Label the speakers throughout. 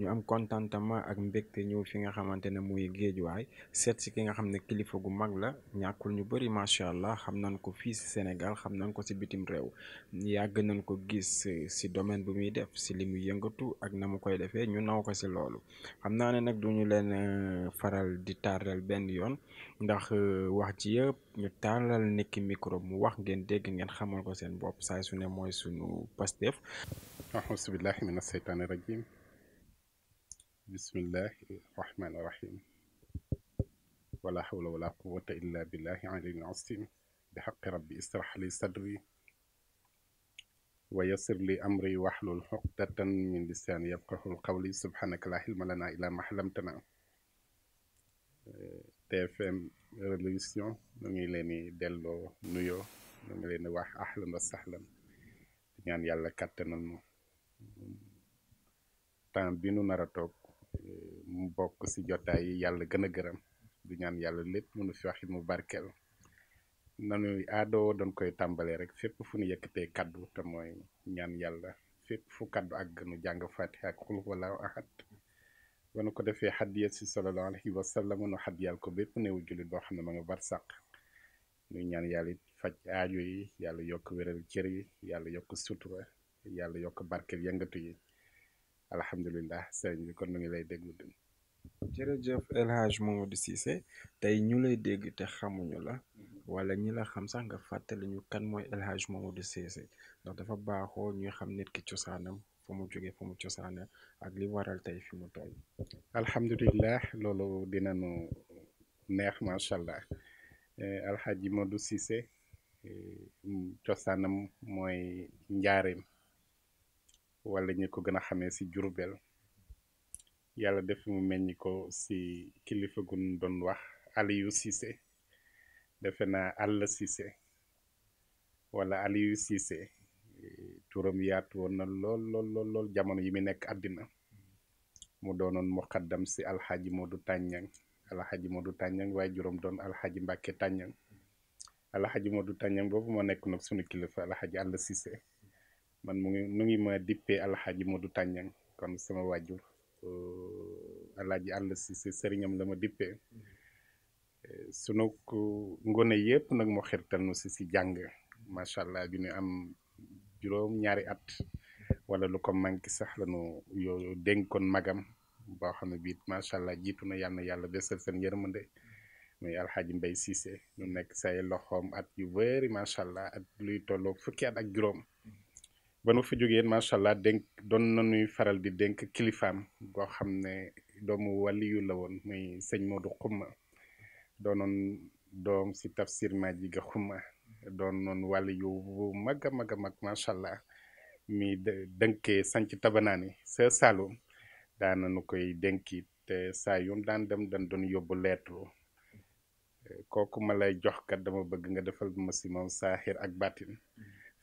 Speaker 1: ñu am contentement ak mbégte ñëw fi nga xamante ne muy géejuwaay seet si ki nga xam ne kilifa gu mag la ñàkkul ñu bëri macha allah xam nañ ko fii si Sénégal xam nañ ko si bitim réew yàgg nañ ko gis eh, si domaine bi muy def si li mu yëngatu ak na mu koy defee ñu naw ko si loolu xam naa ne nag duñu leen eh, faral di taaral benn yoon ndax eh, wax ji yëpp ñu taalal nekki micro mu wax ngeen dégg ngeen xamal ko seen bopp saay su ne mooy sunu
Speaker 2: Pastef. auzu billaahi mina sheytaani rajiim بسم الله الرحمن الرحيم ولا حول ولا قوة إلا بالله علي العظيم بحق ربي اسرح لي صدري ويسر لي أمري واحلل عقدة من لساني يفقه القول سبحانك لا حلم لنا إلا ما حلمتنا TFM religion ñu ngi leen di delloo nuyoo ñu ngi leen di wax ahlan wa sahlan di ñaan yàlla kàttanal nu mu bokk ci jotaay yi yàlla gën a gërëm di ñaan yàlla lépp mënu fi waxit mu barkeel nanuy aadoo doon koy tàmbalee rek fépp fu ñu yëkkatee kaddu te mooy ñaan yàlla fépp fu kaddu ak nu jàng fatiha ak xul wala ahad ba ko defee xadiya si sallallahu alayhi wa sallam nu xadiyal ko bépp néew jullit boo xam ne ma nga bar sàq nuy ñaan yàlla it faj aajo yi yàlla yokk wéral cër yi yàlla yokk sutura yàlla yokk barkeel yëngatu yi alhamdulilah sëñ bi kon nu ngi lay déglu din
Speaker 1: jërëjëf El Hadj Mamadou Cissé tey ñu lay dégg te xamuñu la wala ñi la xam sax nga fàttali ñu kan mooy El Hadj Mamadou Cissé ndax dafa baaxoo ñuy xam nit ki cosaanam fu mu jógee fu mu cosaana ak li waral tey fi mu toll.
Speaker 2: alhamdulilah loolu dina nu neex macha allah El Hadj Mamadou Cissé cosaanam mooy njaareem. wala ñi ko gën a xamee si Jurbel yàlla def mu meññ ko si kilifa gun doon wax Aliou Cissé defe naa Alla Cissé wala Aliou Cissé turam yaatu woon na lool lool lool lool jamono yi mu nekk àddina mu doonoon muqaddam si alxaaji Modou Tàññang alxaaji Modou Tàññang waaye juróom doon alxaaji Mbàkke Tàññang alxaaji Modou Tàññang boobu moo nekk nag sunu kilifa alxaaji Alla Cissé man mu ngi nu ma dippee alxaaji Modu Tàññang kon sama wàjjur euh, alaaji àll si si sëriñam la ma dippee euh, sunu ngone yëpp nag moo xirtal nu si si jàng macha allah bi ñu am juróom ñaari at wala lu ko manqué sax la nu yoo dénkoon magam boo xam ne biit macha allah jiitu na yàlla na yàlla besal seen yërmande muy alxaaji mbay siise nu nekk say loxoom at yu bari macha allah at luy tolloo fukki at ak juróom ba nu fa jógee macha allah denk doon na nuy faral di denk kilifaam boo xam ne doomu waliyu la woon muy sëñ Modou Xumma doonoon doon si tafsir ma bu mag a mag a mag macha allah mi dënkee sanc tabanaani sa Saalum daan nañu koy dénki te saa yum daan dem dañ doon yóbbu leetlu kooku ma lay jox kat dama bëgg nga defal ma si moom saaxir ak baatin.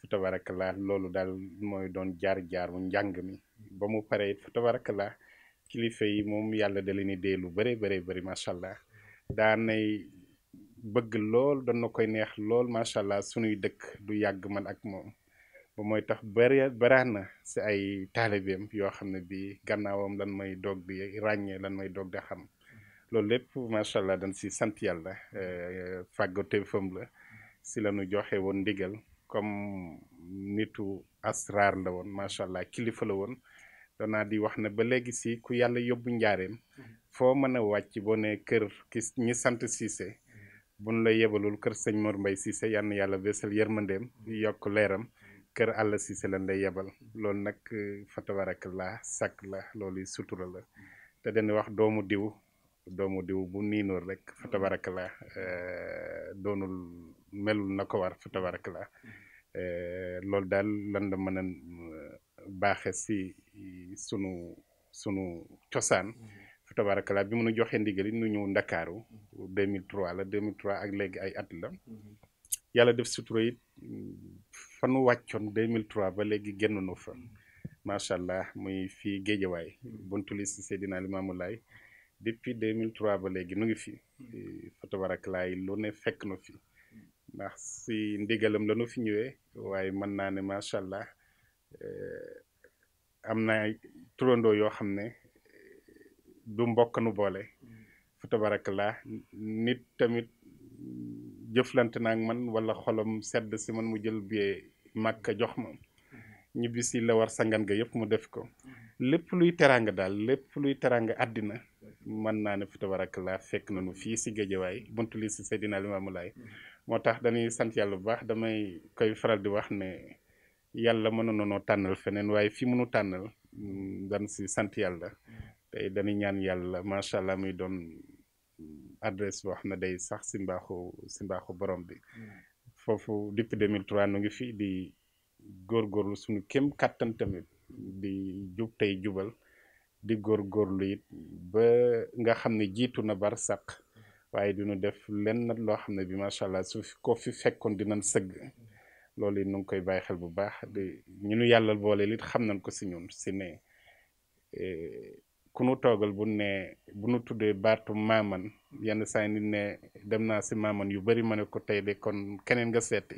Speaker 2: fa tabarakallah loolu daal mooy doon jaar-jaar bu njàng mi ba mu paree it fa tabarakallah kilifa yi moom yàlla da leen di dee lu bëree bëri bëri macha allah daanay bëgg lool doon koy neex lool macha allah sunuy dëkk du yàgg man ak moom ba mooy tax bëri baraan na si ay taalibeem yoo xam ne bii gannaawam lan may doog di ràññee lan may doog di xam loolu lépp macha allah dan si sant yàlla eh, fàggateefam la si lanu joxe woon ndigal. comme nitu asrar la woon macha allah kilifa la woon danaa di wax na ba léegi si ku yàlla yóbbu njaareem mm-hmm. foo mën a wàcc boo ne kër ki ñi sant Cissé mm-hmm. buñ la yebalul kër sëñ Mor mbay Cissé yal na yàlla beesal yërmandeem mm-hmm. yokk leeram kër àlla la lañ lay yebal loolu nag fa tabarakallah sàkk la loolu sutura la te dañuy wax doomu diw doomu diw bu niinoor rek fa tabarakallah eh, doonul melul na ko war fa tabarak la mm-hmm. eh, loolu daal lan la mën a eh, baaxe si sunu sunu cosaan mm-hmm. fa tabarak la bi mu nu joxee ndigal nu ñëw ndakaaru 2003 mm-hmm. la 2003 ak léegi ay at la yàlla def sutura it fanu wàccoon 2003 ba léegi génnoonu fa macha allah muy fii géejawaay buntu li si Seydina Limaamu Laay depuis 2003 ba léegi nu ngi fi eh, fa tabarak laay lu ne fekk na fi ndax si ndigalam la ñu fi ñëwee waaye mën naa ne macha allah eh, am na turandoo yoo xam ne eh, du mbokk nu boole fa tabarakallah nit tamit jëflante naa man wala xolam sedd si man mu jël bie makka jox ma ñibbi si la war sangan ga yëpp mu def ko lépp luy teraanga daal lépp luy teraanga àddina mën naa ne fa tabarakallah fekk nu fii si géejawaay buntu li si Seydina Limaamu Laay motax dañuy sant yalla bu baax damay koy faral di wax ne yalla nono tànnal feneen waaye fi mënu tànnal mm, dañ si sant yalla tey dañuy ñaan yàlla macha allah muy doon adresse boo xam ne day sax si mbaaxu si mbaaxu borom bi foofu depuis 2003 nu ngi fi di góorgóorlu suñu kem kàttan tamit di jub tey jubal di góorgóorlu it ba nga xam ne jiitu na bar sàq waaye duñu def lenn loo xam ne bi macha allah su ko fi fekkoon dinañ sëgg loolu it nu ngi koy bàyyi xel bu baax di ñu nu yàlla boole it xam nañ ko si ñun si ne e, ku nu toogal bu ne bu nu tuddee baatu maaman yenn saa nit ne dem naa si maaman yu bari ma ne ko tey de kon keneen nga seeti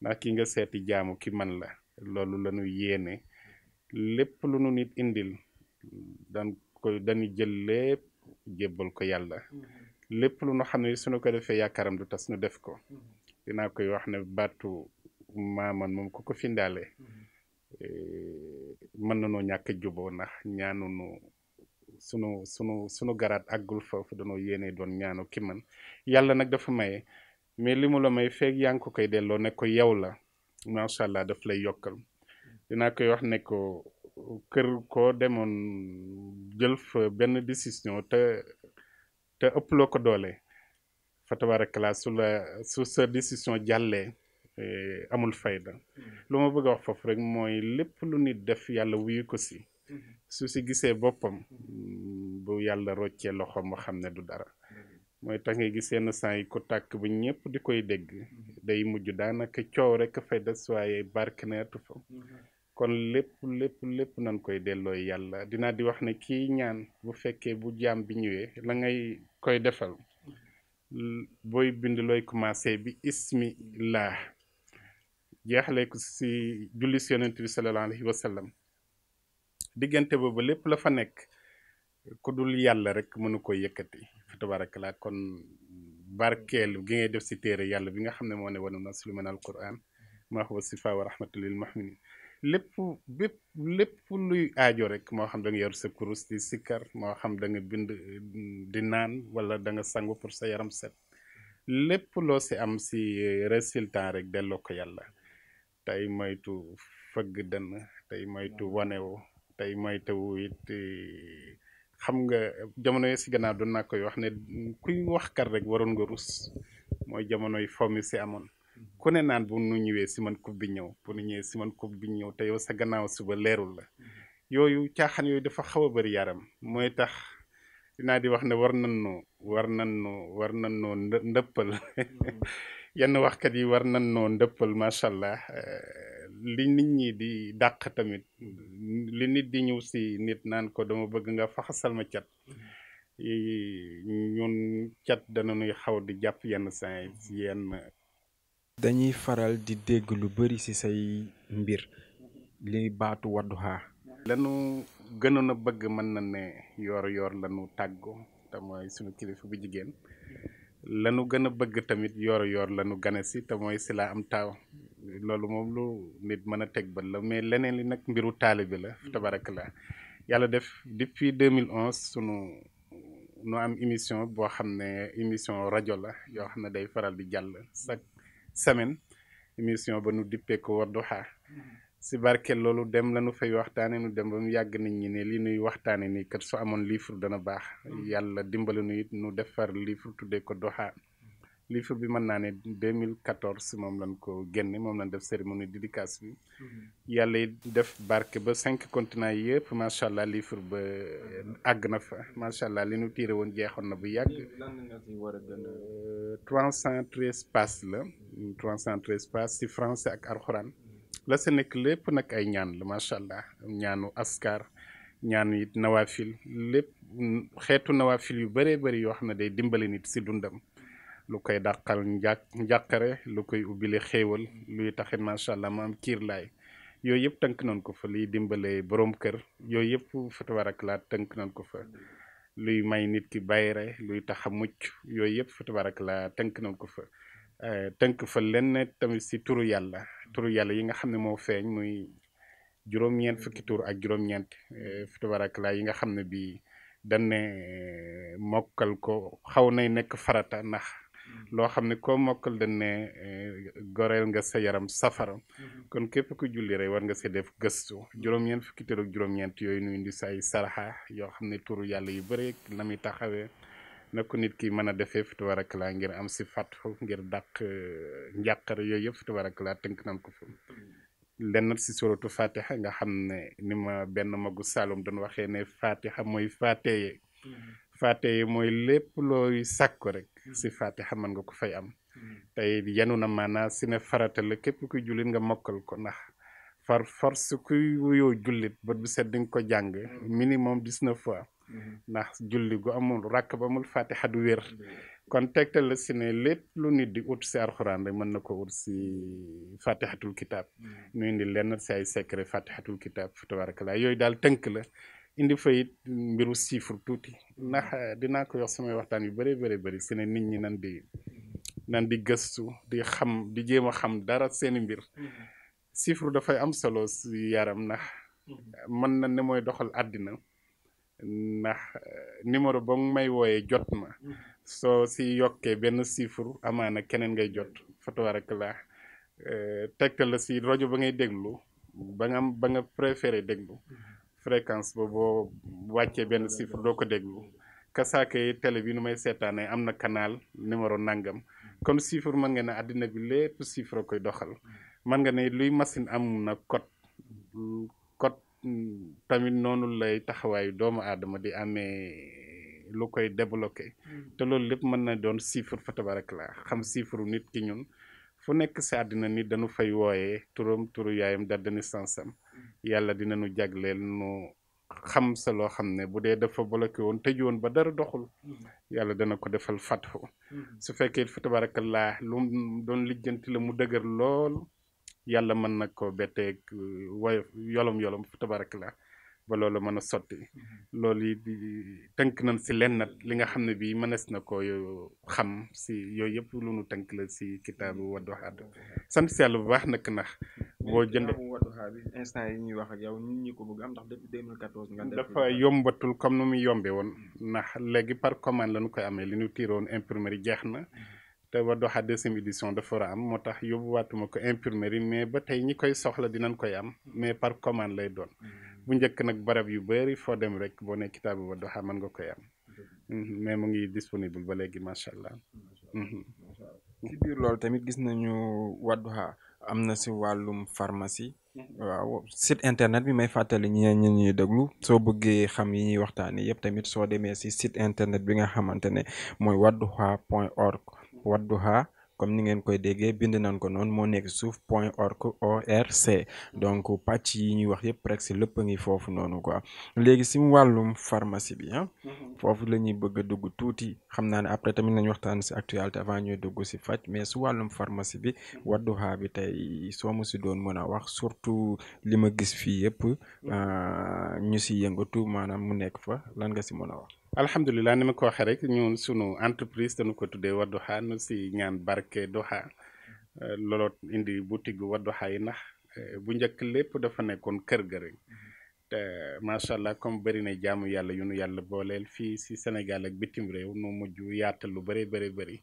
Speaker 2: ndax ki nga seeti jaamu ki man la loolu la ñu yéene lépp lu nu nit indil dan koy dañu jël lépp jébbal ko yàlla. Mm-hmm. lépp lu nu xam ne suñu ko defee yaakaaram du tas nu def ko dinaa koy wax ne baatu maaman moom ku ko fi ndaale eh, mën nañoo ñàkk juboo ndax ñaanunu sunu sunu garat garaat àggul foofu dañoo yéene doon ñaan ki man yàlla nag dafa maye mais li mu may feeg yaa ngi ko koy delloo ne ko yow la macha allah daf lay yokkal dinaa wax ne ko kër koo demoon jël fa benn décision te ëpp loo ko doole fa tabarakallah su la su sa décision jàllee eh, amul fayda hmm. lu ma bëgg a wax foofu rek mooy lépp lu nit def yàlla wuyu ko si hmm. su si gisee boppam mm, bu yàlla roccee loxoom ba xam ne du dara hmm. mooy tax nga gis yenn saa yi ko tàkk bu ñëpp di koy dégg day mujj daanaka coow rek fay des waaye barke neetu fa kon lépp lépp lépp nañ koy delloo yàlla dina di wax ne kii ñaan bu fekkee bu jaam bi ñëwee la ngay koy defal booy bind looy commencé bi ismillah jeexale ko si julli si yonent bi sallallahu alayhi wa sallam diggante boobu lépp la fa nekk ku dul yàlla rek mënu ko yëkkati fa tabarakala kon barkeelu gi ngay def si téere yàlla bi nga xam ne moo ne wanu naslu min al quran maa huwa sifa wa rahmatul lil mu'minin lépp bépp lépp luy aajo rek moo xam da nga yor sa kurus di sikkar moo xam da nga bind di naan wala da nga sangu pour sa yaram set lépp loo si am si eh, résultat rek delloo ko yàlla tey moytu fëgg dënn tey moytu wanewu tey moytu it eh, xam nga jamono yi si gannaaw doon naa koy wax ne kuy wax kat rek waroon nga rus mooy jamonoy fomm si amoon. ku ne naan bu nu ñëwee si man coupe bi ñëw bu nu ñëwee si man coupe bi ñëw te yow sa gannaaw suba leerul la yooyu caaxaan yooyu dafa xaw a bëri yaram mooy tax dinaa di wax ne war nan noo war nan noo war nan noo ndëppal mm. yenn waxkat yi war nan noo ndëppal macha allah eh, li nit ñi di dàq tamit li nit di ñëw si nit naan ko dama bëgg nga faxasal ma cat mm. ñun cat dana nuy xaw di jàpp yenn saa mm. yenn
Speaker 1: dañuy faral di dégg lu bëri ci say mbir li baatu ha
Speaker 2: lanu gënoon na bëgg mën na ne yor-yor lanu taggo ta mooy suñu kilifa bu jigéen lanu gëna bëgg tamit yoor yoor lanu gane si ta mooy sila am taw loolu moom lu nit mën a teg ba la mais leneen li nag mbiru taalibi la tabarak la yàlla def depuis 2011 sunu nu am émission boo xam ne émission rajo la yoo xam day faral di jàll chaque semaine émission ba nu dippee ko doxa si barke loolu dem lañu fay waxtaane nu dem ba mu yàgg nit ñi ne li nuy waxtaane nii kat su amoon livre dana baax mm. yàlla dimbali nuy it nu defar livre tuddee ko Wadduha livre bi mën naa ne 2014 moom lañ ko génne moom lañ def cérémonie dédicace bi mhm. yàlla def barke ba cinq continents yi yëpp macha allah livre ba mhm. àgg na fa macha allah li nu tiire woon jeexoon na bu yàgg. Euh, trois cent treize pages la trois cent treize pages ci français ak alxuraan mhm. la sa nekk lépp nag ay ñaan la macha allah ñaanu askar ñaanu it nawaafil lépp xeetu nawaafil yu bëree bëri yoo xam ne day dimbali nit si dundam. lu koy dàqal njàq njàqare lu koy ubbile xéewal luy taxit macha allah ma am kiir laay yooyu yëpp tënk nañ ko fa luy dimbale borom kër yooyu yëpp fatabarakala tënk nañ ko fa luy may nit ki bayre luy tax a mucc yooyu yëpp fatabarakala tënk nañ ko fa eh, tënk fa lenn tamit si turu yàlla turu yàlla yi nga xam ne moo feeñ muy juróom-ñeent fukki tur ak juróom-ñeent eh, fatabarakala yi nga xam ne bii dañ ne eh, ko xaw nay nekk farata ndax loo xam ne ko mokkal den ne eh, goreel nga sa yaram safara mm-hmm. kon képp ku julli rek war nga see def gëstu juróom-ñeent fukki téere ak juróom-ñeent yooyu ñu indi saay ay saraxa yoo xam ne turu yàlla yu bëri la muy taxawee na ko nit ki mën a defee fi tabaraka laa ngir am si fàttu ngir dàq eh, njàqar yooyu yëpp fi tabaraka tenk tënk nañ ko fa mm-hmm. lenn si suratu fatiha nga xam ne ni ma benn magu saalum doon waxee ne fatiha mooy fateye mm-hmm. fateye mooy lépp looy ko rek Mm. si fatiha mën nga ko fay am mm. tey yenu na maanaa si ne farata képp kuy jullit nga mokkal ko ndax far force kuy wuyoo jullit bët bu set nga ko jàng mm. minimum dix-neuf fois mm-hmm. ndax julli gu amul ràkk ba amul fatiha du wér kon tegtal la si ne lépp lu nit di ut si arxuraan rek mën na ko ut si fatihatul kitab nuy indi lenn si ay secret fatihatul kitab fa tabarakallah yooyu daal tënk la indi fa it mbiru chiffre tuuti ndax eh, dinaa ko yox samay waxtaan yu bëree bëri bëri su ne nit ñi nan di nan di gëstu di xam di jéem a xam dara seeni mbir mm-hmm. chiffre dafay am solo si yaram ndax mm-hmm. mën na ne mooy doxal àddina ndax eh, numéro ba may wooyee jot ma mm-hmm. soo si yokkee benn chiffre amaana keneen ngay jot fatabarakallaa eh, tegtal la si rajo ba ngay déglu ba nga préféré déglu fréquence ba boo wàccee benn chiffre doo ko déglu kasaaka yi bi nu may seetaanee am na kanaal numéro nangam kon chiffre mën nga ne àddina bi lépp chiffre koy doxal man nga ne luy machine am na code code mm, tamit noonu lay taxawaayu doomu aadama di amee lu koy débloqué mm. te loolu lépp mën na doon chiffre fa tabarak la xam chiffre nit ki ñun fu nekk si àddina nit danu fay wooyee turam turu yaayam date de naissance am yàlla dina nu jagleel nu xam sa loo xam ne bu dee dafa bloqué woon tëj woon ba dara doxul yàlla dana ko defal fatxu su fekkee fa tabarakallah lu doon lijjanti la mu dëgër lool yàlla mën na ko betteeg woyof yolom yolom fa tabarakallah ba loolu man a sotti mm-hmm. loolu yi tënk nañ si lenn li nga xam ne bii mënees na ko xam si yooyu yëpp lu nu tënk la si kitaabu mm-hmm. Wadduha sant si bu baax nag ndax boo jënd
Speaker 1: Wadduha yi ñuy wax ak yow ñun ko bëgg am ndax depuis 2014 nga
Speaker 2: def comme nu muy yombee woon mm-hmm. ndax léegi par commande la ñu koy amee li ñu tiiroon imprimerie jeex na te Wadduha deuxième édition dafa war a am moo tax yóbbuwaatuma ko imprimerie mais ba tey ñi koy soxla dinañ koy am mais par commande lay doon bu njëkk nag barab yu bëri foo dem rek boo ne kitaabu Wadduha man nga ko yam mais mu ngi disponible ba léegi mhm. macha allah. ci
Speaker 1: biir loolu tamit gis nañu Wadduha am na si pharmacie. Mhm. waaw site internet bi may fàttali ñi ñi ñuy déglu soo bëggee xam yi ñuy waxtaanee yëpp tamit soo demee si site internet bi nga xamante ne mooy wadduha point org mhm. wadduha comme ni ngeen koy déggee bind nañ ko noon moo nekk suuf point org donc pàcc yi ñuy wax yëpp presque lépp a ngi foofu noonu quoi léegi si wàllum pharmacie bi ah. Mhm. foofu la ñuy bëgg a dugg tuuti xam naa ne après tamit nañ waxtaan si actualité avant ñuy dugg si faj mais su wàllum pharmacie bi mhm. Wadduha bi tey soo ma si doon mën a wax surtout li ma gis fii yëpp mhm. ah, ñu si yëngatu maanaam mu nekk fa lan nga si mën a wax.
Speaker 2: alhamdulilah ni ko waxee rek ñun sunu entreprise dañu ko tuddee Wadduha nu si ñaan barke Duha mhm. eh, lolo indi boutique bu Wadduha yi ndax eh, bu njëkk lépp dafa nekkoon kër ga rek mhm. macha allah comme bari na jaamu yàlla yu nu yàlla booleel fii si Sénégal ak bitim réew nu mujj yaatal lu bëri bëri bëri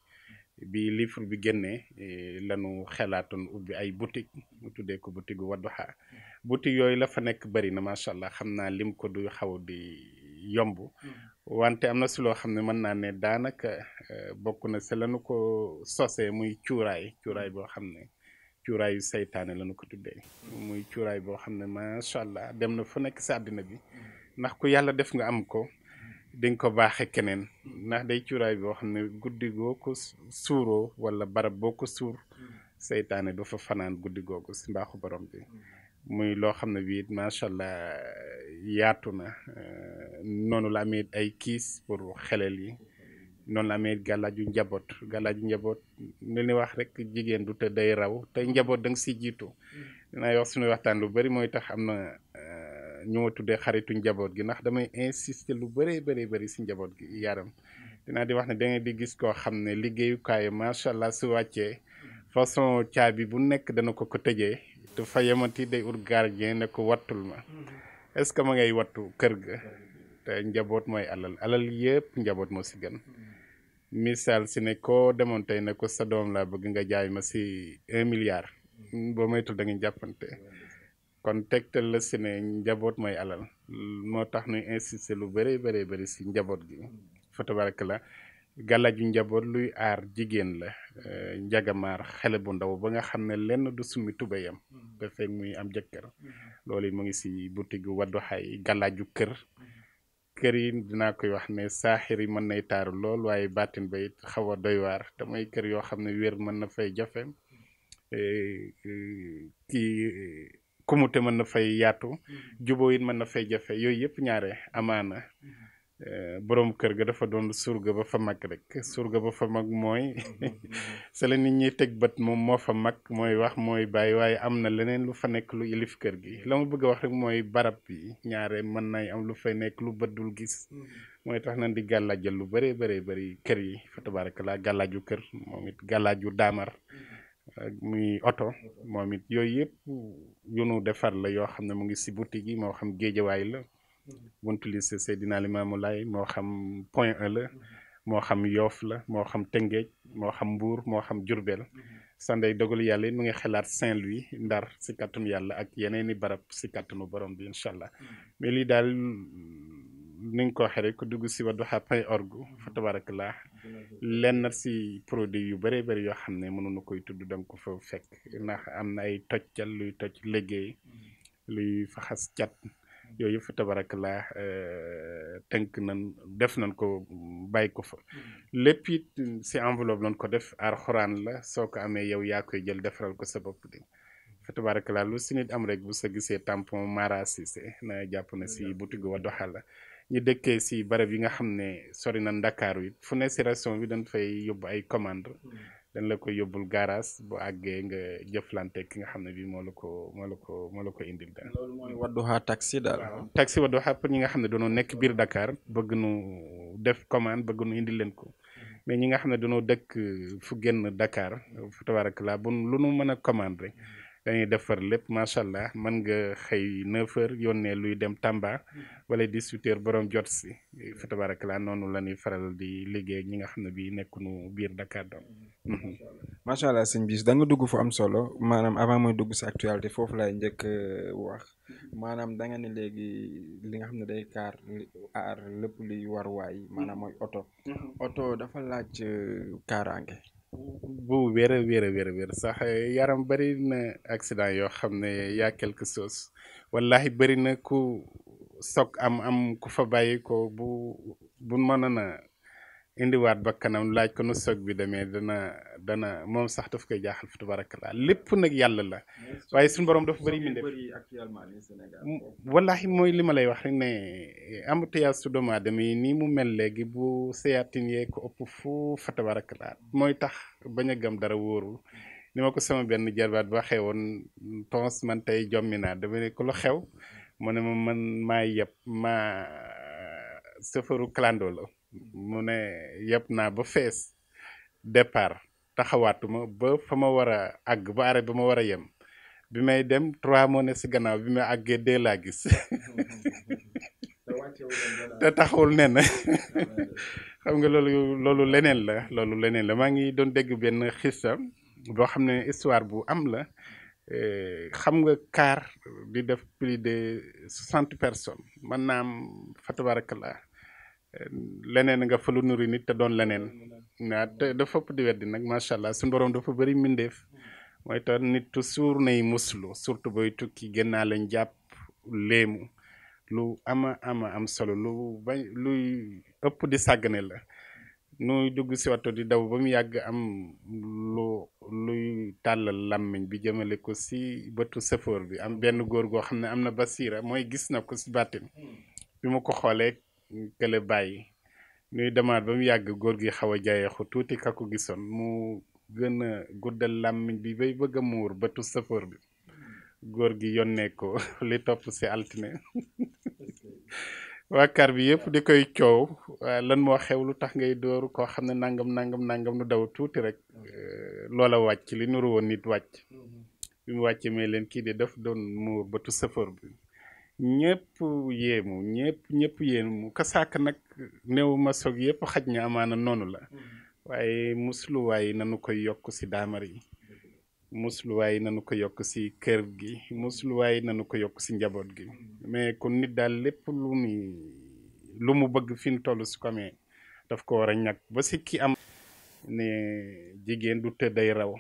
Speaker 2: bi livre bi génnee eh, lañu xelaatoon ubbi ay boutique mu tuddee ko boutique bu Wadduha mhm. yooyu la fa nekk bari na macha allah xam naa lim ko du xaw di yomb wante am na si loo xam ne mën naa ne daanaka euh, bokk na si lanu ko sose muy cuuraay cuuraay boo xam ne cuuraayu seytaane lañu ko tuddee muy cuuraay boo xam ne macha allah dem na fu nekk si àddina bi ndax ku yàlla def nga am ko di nga ko baaxee keneen ndax day cuuraay boo xam ne guddi goo ko suuroo wala barab boo ko suur saytaane du fa fanaan guddi googu si mbaaxu borom bi muy loo xam ne bii macha allah eh, yaatu na eh, noonu la amee ay kiis pour xelel yi noonu la amee gàllaaju njaboot gàllaaju njaboot li wax rek jigéen du day raw njaboot da nga siy jiitu dinaa suñu waxtaan lu bari mooy tax am na eh, ñu ma tuddee xaritu njaboot gi ndax damay insister lu bëree bëri bëri si njaboot gi yaram dinaa di wax ne da nga di gis koo xam ne liggéeyukaay macha allah su wàccee façon caabi bu nekk dana ko ko tëjee wattu day ur gardien ne ko watul ma mm-hmm. est ce ma ngay wattu keur ga te njabot moy alal alal yep njabot mo si gan mm-hmm. misal si ne ko demon tay ne ko sa dom la bëgg nga jaay ma si 1 milliard may mm-hmm. maytul da jappante kon la si ne njabot moy alal motax tax insister lu bëree bëree bëri si njabot gi fa tabarak la galaju njabot luy ar jigen la njagamaar xele bu ndaw ba nga xamne du sumi tubayam ba fekk muy am jëkkër mm-hmm. loolu it mu ngi si boutique gu Wadduha yi kër mm-hmm. kër yi dinaa koy wax ne saaxir yi mën nay taaru lool waaye baatin ba it xaw a doy waar te mooy kër yoo xam ne wér mën na fay jafe mm-hmm. eh, eh, kii kumute mën na fay yaatu juboo it mën na fay jafe yooyu yëpp ñaare amaana Euh, boroom kër ga dafa doon surga ba fa mag rek surga ba fa mag mooy se la nit ñi teg bët moom moo fa mag mooy wax mooy bàyyi waaye am na leneen lu fa nekk lu ilif kër gi la ma bëgg a wax rek mooy barab bi ñaare mën nay am lu fa nekk lu bët dul gis mm-hmm. mooy tax nan di gàllaajal lu bare bëree bëri kër yi fa tabaraka la gàllaaju kër moom it gàllaaju daamar mm-hmm. euh, muy oto moom it yooyu yëpp yu nu defar la yoo xam ne mu ngi si boutique yi moo xam géejawaay la buntu lycée Seydina Limamou Laye moo xam Point E la moo xam yoof la moo xam Tëngéej moo xam mbuur moo xam Diourbel sanday dogalu yàlla yi mu ngi xalaat Saint-Louis Ndar si kàttanu yàlla ak yeneen i barab si kàttanu borom bi incha allah mais lii daal ni nga ko waxee rek ku dugg si wadduha point org fa tabarakallah lenn si produit yu bëree bëri yoo xam ne mënuñu koy tudd da ko fo fekk ndax am na ay tojcal luy toj liggéey luy faxas cat yooyu fa tabarakallah euh, tënk nan def nan ko bàyyi ko fa hmm. lépp it si enveloppe lan ko def aar xoraan la soo ko amee yow yaa koy jël defaral ko sa bopp di fa tabarakallah lu si am rek bu sa gisee tampon Mara na jàpp na si boutique Wadduha la ñu dëkkee si barab yi nga xam ne sori na Ndakaaru it fu ne si région bi dañ fay yóbbu ay commande hmm. dañ la ko yóbbul garage bu àggee nga jëflante ki nga xam ne bii moo la ko moo la ko la ko indil daal. loolu mooy taxi daal. waaw taxi Wadduha pour ñi nga xam ne dañoo nekk biir Dakar bëgg nu def commande bëgg nu indil leen ko mais ñi nga xam ne dañoo dëkk fu génn Dakar fu tabarak la bu lu nu mën a commande rek. dañuy far lépp macha allah man nga xëy 9h yónnee luy dem Tamba mm-hmm. wala 18h borom jot si fa tabarakalaa noonu la ñuy faral di liggéey ñi nga xam ne bii nekkunu biir Dakar doon.
Speaker 3: Mm-hmm. Mm-hmm.
Speaker 2: macha
Speaker 1: allah sëñ bi da nga dugg fu am solo maanaam avant mooy dugg si actualité foofu lay njëkk euh, wax maanaam da nga ne léegi li nga xam ne day kaar aar lépp luy war waay maanaam mooy oto.
Speaker 2: oto dafa laaj euh, kaaraange. bu wér a wér a a wér sax eh, yaram bari accident yoo xam ne yaa quelque chose wallahi bari na ku soog am am ku fa bàyyi ko bu bu mënoon a indiwaat ba kanam laaj ko nu soog bi demee dana dana moom sax daf koy jaaxal fi tabarakallah lépp nag yàlla la
Speaker 1: waaye suñu borom dafa bëri mbindéef
Speaker 2: wallaahi mooy lima ma lay wax rek ne embouteillage su doomu aadama yi nii mu mel léegi bu seyaatin yee ko ëpp foofu fa tabarakallah mooy tax bañ a gëm dara wóorul ni ma ko sama benn jarbaat ba xewoon tons man tey jommi naa dama ne ko lu xew mu ma man maa yëpp safaru clando mu ne yëpp naa ba fees départ taxawaatuma ba fa ma war a àgg ba arrêt ba ma war a yem bi may dem trois moo ne si gannaaw bi may àggee dee laa gis te taxawul nen xam nga loolu loolu leneen la loolu leneen la maa ngi doon dégg benn xissa boo xam ne histoire bu am la eh, xam nga kaar bi def plus de soixante personnes man naam fa tabarakallah leneen nga fa lu nuru nit te doon leneen waaw te dafa ëpp di weddi nag macha allah su borom dafa bëri mbindeef mooy tax nit toujours nay muslu surtout booy tukki génnaa lañ jàpp léemu lu ama ama am solo lu bañ luy ëpp di sàggane la nuy dugg si oto di daw ba mu yàgg am lu luy tàllal làmmiñ bi jëmale ko si bëtu sëfoor bi am benn góor goo xam ne am na basiira mooy gis na ko si bàttin bi mu ko xoolee kële bàyyi ñuy demaat ba mu yàgg góor gi xaw a jaayeexu tuuti kakku gisoon mu gën a guddal làmmiñ bi bay bëgg a muur bëtu sëfoor bi góor gi yónnee ko li topp si altine waakaar bi yëpp di koy coow lan moo xew lu tax ngay dóor koo xam ne nangam nangam nangam nu daw tuuti rek euh, loola wàcc li nuru woon nit wàcc mm-hmm. bi mu wàccee may leen kii de daf doon muur bëtu sëfoor bi ñëpp yéemu ñëpp ñëpp yéemu ka sàkk nag néew ma soog yëpp xaj na amaana noonu la mm-hmm. waaye musluwaay yi nanu ko yokk si daamar yi musluwaay yi nanu ko yokk si kër gi musluwaay yi nanu ko yokk si njaboot gi mm-hmm. mais kon nit daal lépp lu mu bëgg fi mu toll su ko daf ko war a ñàkk ba si ki am ne jigéen du tëdday raw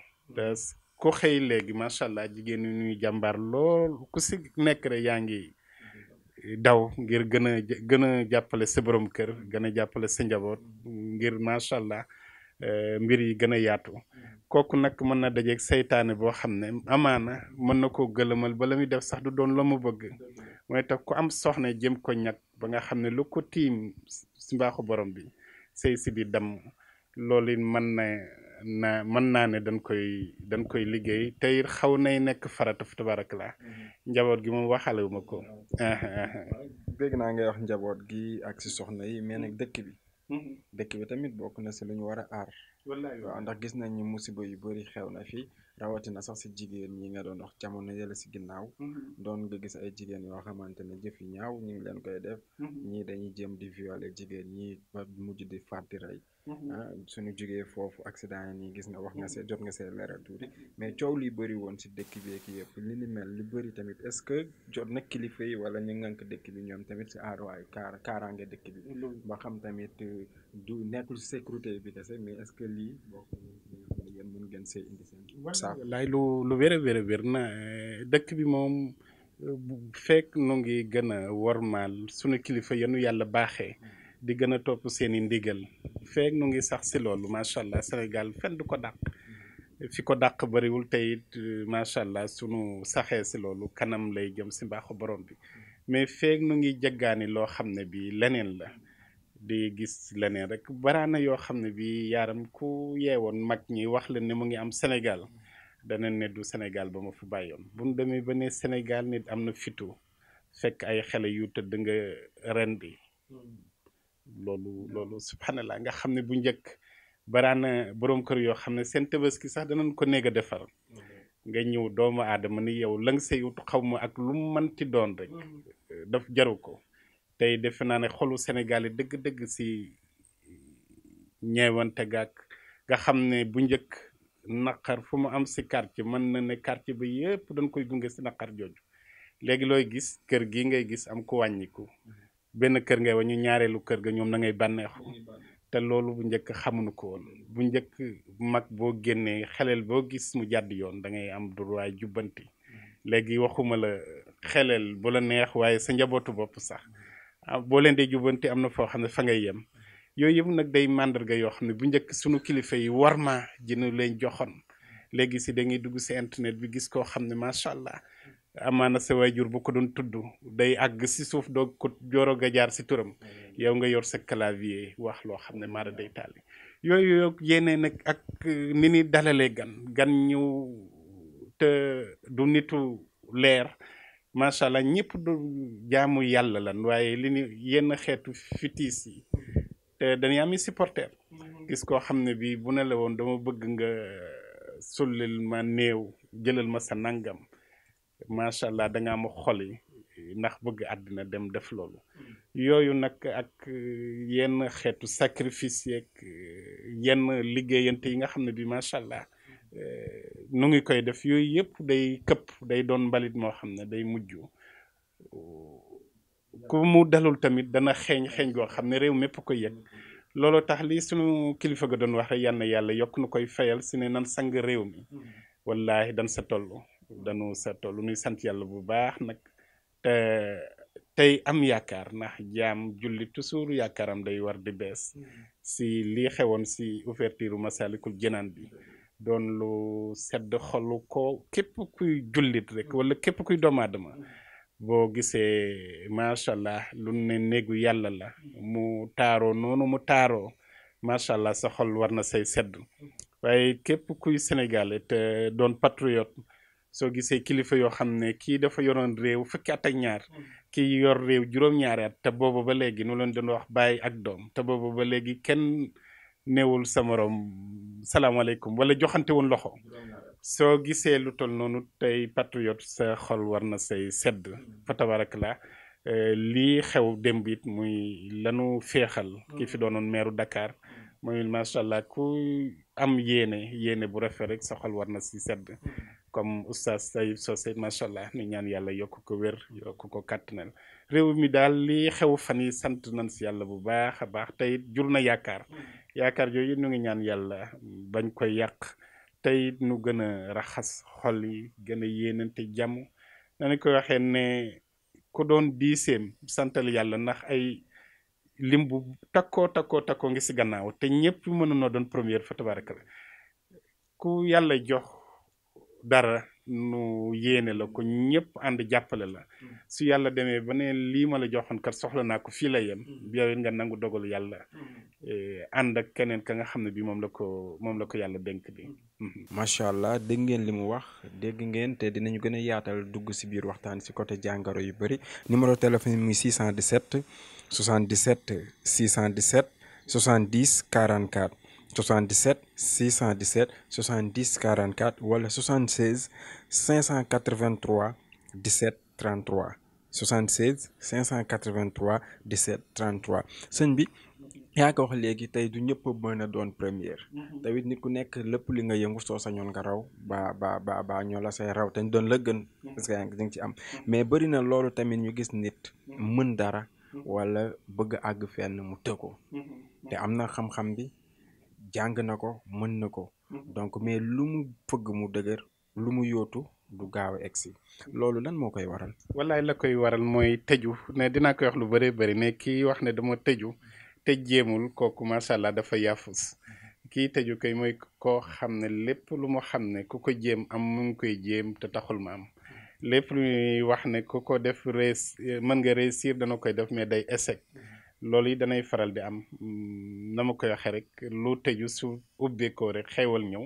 Speaker 2: ko xëy léegi macha allah jigéen ñi ñuy jàmbaar lool ku si nekk rek yaa ngi daw ngir gën a gën jàppale sa borom kër gën a jàppale sa njaboot ngir macha allah eh, mbir yi gën a yaatu kooku nag mën na dajeeg seytaane boo xam ne amaana mën na koo gëlëmal ba la muy def sax du doon la mu bëgg mooy tax ku am soxna jëm ko ñag ba nga xam ne lu ko tiim si mbaaxu borom bi sëy si bi damm loolu mën na na mën naa ne dañ koy dañ koy liggéey tey xaw nay nekk farata fu la mm-hmm. njaboot gi moom waxale wu ma ko.
Speaker 1: dégg naa ngay wax njaboot gi ak si soxna yi mais nag dëkk bi. Mm-hmm. dëkk bi tamit bokk na si lu ñu war a aar.
Speaker 2: wallaay ndax
Speaker 1: gis nañ ni musiba yu bëri xew na fii. rawatina sax si jigéen ñi nga doon wax jamono yële si ginnaaw mm-hmm. doon nga gis ay jigéen yoo xamante ne jëfi ñaaw ñu leen koy def mm-hmm. ñii dañuy jëm di violer jigéen ñi ba mujj di fàtti rey mm-hmm. ah suñu jógee foofu accident yi nii gis nga wax nga see jot nga see leeral tuuti mais coow li bëri woon si dëkk beek yëpp li ni mel lu bëri tamit es ce que jot na kilifa yi wala ñu ngànk dëkk bi ñoom tamit si aaruwaay kaar kaaraange dëkk bi ba xam tamit euh, du nekkul sécurité bi kese mais est ce que lii bokk ngeen gën see indi
Speaker 2: lu lu wér a wér wér na eh, dëkk bi moom eh, bu fekk nu ngi gën a wormaal sunu kilifa yanu yàlla baaxee di gën a topp seen i ndigal fekk nu ngi sax si loolu macha allah Sénégal fenn du ko dàq. fi ko dàq bëriwul te it eh, macha allah sunu saxee si loolu kanam lay jëm si mbaaxu borom bi mm. mais fekk nu ngi jéggaani loo xam ne bii leneen la. di gis leneen rek baraana yoo xam ne bi yaaram ku yewoon mag ñi wax la ne mu ngi am Sénégal dana ne du Sénégal ba ma fi bàyyoon bu nu demee ba ne Sénégal nit am na fitu fekk ay xele yu tëdd nga rendi loolu loolu subhanallah nga xam ne bu njëkk baraana boroom kër yoo xam ne seen ki sax danañ ko néeg a defar nga ñëw doomu aadama ni yow lang nga say ut xaw ma ak lu mu mënti doon rek mm-hmm. daf jaru ko tey defe naa ne xolu Sénégal dëgg-dëgg si ñewante gàkk nga xam ne bu njëkk naqar fu mu am si quartier mën na ne quartier ba yëpp dañ koy gunge si naqar jooju léegi looy gis kër gi ngay gis am ko wàññiku benn kër ngay wàññi ñaareelu kër ga ñoom na ngay bànneexu te loolu bu njëkk xamuñu ko woon bu njëkk mag boo génnee xelel boo gis mu jàdd yoon dangay ngay am droit jubbanti mm-hmm. léegi waxuma la xelel bu la neex waaye sa njabootu bopp sax Ah, boo leen dee jubbanti am na foo xam ne fa ngay yem yooyu yëpp nag day màndarga yoo xam ne bu njëkk sunu kilifa yi war ma jinu leen joxoon léegi si da ngay dugg si internet bi gis koo xam ne macha allah amaana sa waajur bu ko doon tudd day àgg si suuf doog ko jooro ga jaar si turam yow nga yor sa clavier wax loo xam ne maara day taali yooyu yéene nag ak uh, ni ni dalalee gan gan ñëw te du nitu leer macha allah ñëpp du jaamu yàlla lan waaye li ni yenn xeetu fitis yi te dañuy am supporter gis koo xam ne bii bu ne la woon dama bëgg nga sullil ma néew jëlal ma sa nangam macha allah da nga ma xol ndax bëgg àddina dem def loolu yooyu nag ak yenn xeetu sacrifice yeeg yenn liggéeyante yi nga xam ne bii macha allah. Euh, nu ngi koy def yooyu yëpp day këpp day doon mbalit moo xam ne day mujj ku mu dalul tamit dana xeeñ xeeñ goo xam ne réew mépp ko yëg loolu tax li sunu kilifa ga doon wax rek yal yàlla yokk nu koy fayal si ne nan sang réew mi wallaahi dan sa toll danu sa toll nuy sant yàlla bu baax nag tey am yaakaar nax jaam julli toujours yaakaaram day war di bees si lii xewoon si ouverture Massalikul Jinaan bi doon lu sedd xolu ko képp kuy jullit rek wala képp kuy doomu aadama mm. boo gisee macha allah lu ne néegu yàlla la mu taaroo noonu mu taaroo macha allah sa xol war na say sedd waaye képp kuy sénégalais te doon patriote soo gisee kilifa yoo xam ne kii dafa yoroon réew fukki at ñaar mm. kii yor réew juróom-ñaari at te boobu ba léegi nu leen doon wax bàyyi ak doom te boobu ba léegi kenn. néewul sa morom salaamaaleykum wala joxante woon loxo soo gisee lu tol noonu tey patriote sa xol war say sedd fa tabarak la xew démb muy lanu féexal ki fi doonoon meeru Dakar mooy macha allah ku am yene yene bu rafet rek sa xol war na si sedd comme oustaz Sayib Socé macha allah ni ñaan yàlla yokk ko wér yokk ko kàttanal réew mi daal lii xew fan sant nañ si yàlla bu baax a baax tey jur na yaakaar yooyu ñu ngi ñaan yàlla bañ koy yàq tey nu gën a raxas xol yi gën a yéenante jàmm nañu koy waxee ne ku doon diiseem santal yàlla ndax ay lim bu takkoo takkoo takkoo ngi si gannaaw te ñëpp mënunoo doon première fa tabaraka ku yàlla jox dara nu yéene la ko ñëpp ànd jàppale la mm. su yàlla demee ba ne lii ma la joxoon kat soxla naa ko fii la yem mm. yow it nga nangu dogalu yàlla e ànd ak keneen ka nga xam ne bi moom la ko moom la ko yàlla dénk bi
Speaker 1: mm-hmm. macha allah dégg ngeen li mu wax dégg ngeen te dinañu gën a yaatal dugg si biir waxtaan si côté jàngoro yu bëri numéro téléphone mi 617 77 617 70 44 77 617 70 44 wala 76 583 17 33 76 583 17 33 sëñ bi yaa ko wax léegi tey du ñëpp mën a doon première mm-hmm. tamit nit ku nekk lépp li nga yëngu soo sañoon nga raw ba ba ba ba ñoo la say raw te doon la gën mm-hmm. parce que yaa ngi ci am mm-hmm. mais bëri na loolu tamit ñu gis nit mën dara wala bëgg àgg fenn mu tëkko te am na xam-xam bi jàng na ko mën na ko mhm. donc mais lu mu fëgg mu dëgër lu mu yootu du
Speaker 2: gaaw a egsi loolu lan moo koy waral wallaay la koy waral mooy tëju ne dina koy wax lu bëree bëri ne kii wax ne dama tëju te jéemul ko macha allah dafa yaafus kii tëju koy mooy koo xam ne lépp lu mu xam ne ku ko jéem am mu ngi koy jéem te taxul ma am lépp lu wax ne ku ko def mën nga réussir dana koy def mais day échec loolu yi danay faral di am mm, na ma koy waxee rek lu tëju su ubbeekoo rek xewal ñëw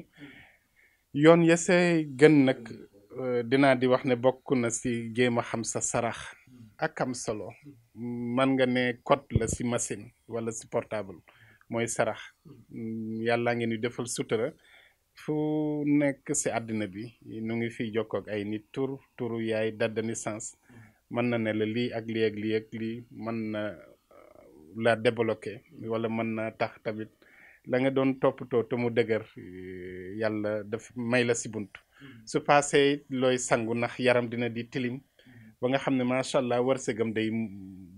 Speaker 2: yoon yese gën nag euh, dinaa di wax ne bokk na si jéem a xam sa sarax ak am solo mën nga ne code la si machine wala si portable mooy sarax yàllaa ngeen di defal sutura fu nekk si àddina bi nu ngi fiy jokkoog ay nit tur turu yaay date de naissance mën na ne la lii ak lii ak lii ak lii mën na la débloqué wala mën na tax tamit la nga doon toppatoo te mu dëgër euh, yàlla daf may la si bunt mm-hmm. su paasee looy sangu ndax yaram dina di tilim mm-hmm. ba nga xam ne macha allah wërsëgam day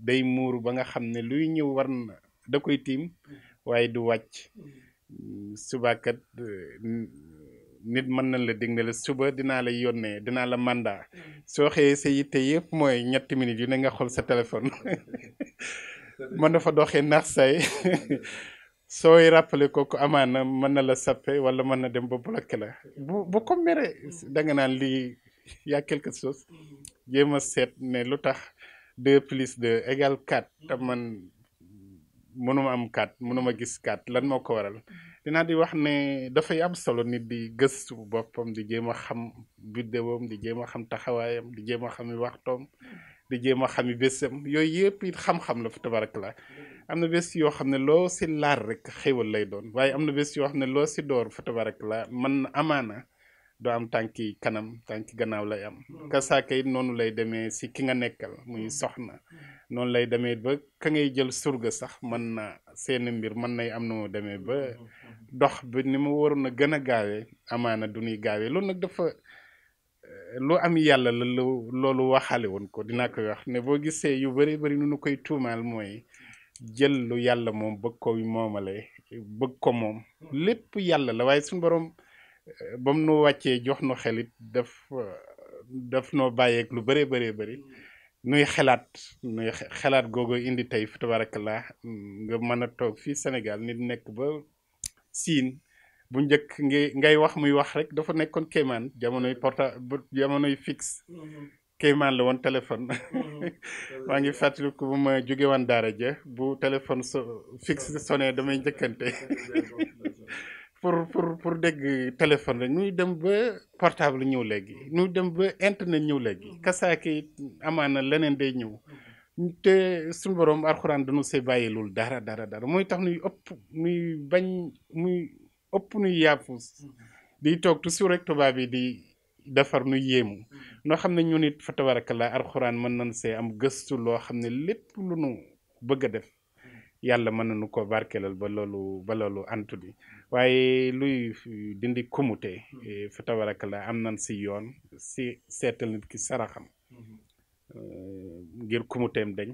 Speaker 2: day muur ba nga xam ne luy ñëw war na da koy tiim mm-hmm. waaye du wàcc mm, subakat euh, nit mën na la dig ne la suba dinaa la yónnee dinaa la mandat soo xëyee sa yitte yëpp mooy ñetti minutes yu ne nga xool sa téléphone mën na fa doxee nax saay sooy rappele ko ko amaana mën na la sappe wala mën na dem ba la bu bu ko mere da nga naan li yaa quelque chose jéem seet ne lu tax deux plus deux égale quatre te man mënuma am quatre mënuma gis quatre lan moo ko waral dinaa di wax ne dafay am solo nit di gëstu boppam di jéem a xam biddéewam di jéem a xam taxawaayam di jéem xam waxtoom di jéem a xami bésam yooyu yëpp it xam-xam la fa la am na bés yoo xam ne loo si laar rek xéwal lay doon waaye am na bés yoo xam ne loo si door fa tabarakalla man na amaana doo am tànki kanam tànki gannaaw lay am kasaaka it noonu lay demee si ki nga nekkal muy soxna noonu lay demee ba ka ngay jël surga sax man na seen mbir mën nay am na moo demee ba dox bi ni mu waroon a gën a gaawee amaana du nuy gaawee loolu nag dafa lu am yàlla la loolu waxaale woon ko dina koy wax ne boo gisee yu bëri bëri nu nu koy tuumaal mooy jël lu yàlla moom bëgg ko moomale bëgg ko moom lépp yàlla la waaye suñu borom eh, bam nu wàccee jox nu xelit daf daf noo bàyyeek lu bëree bëree bëri nuy xelaat nuy xelaat googu indi tey fi tabarakallah nga mën a toog fii senegal nit nekk ba siin bu njëkk ngi ngay wax muy wax rek dafa nekkoon kéemaan jamonoy mm-hmm. portable jamonoy fixe mm-hmm. kéemaan la woon téléphone mm-hmm. maa ngi fàttaliku bu ma jóge woon daara ja bu téléphone so fixe sonné damay njëkkante pour pour pour dégg téléphone rek ñuy dem ba portable ñëw léegi ñuy dem ba internet ñëw léegi amaan amaana leneen day ñëw te suñu borom alxuraan dañu see bàyyilul dara dara dara mooy tax nuy ëpp muy bañ muy ëpp nu yàppus di toog toujours rek tubaab yi di defar nu yéemu mm. noo xam ne ñu nit fa tabarakallah alxuraan mën nañ see am gëstu loo xam ne lépp lu nu bëgg a def mm. yàlla mën nañu ko barkeelal ba loolu ba loolu antu bi waaye luy dindi kumute mm. eh, fa tabarakallah am nañ si yoon si seetal nit ki saraxam mm-hmm. Euh, ngir kumuteem dañ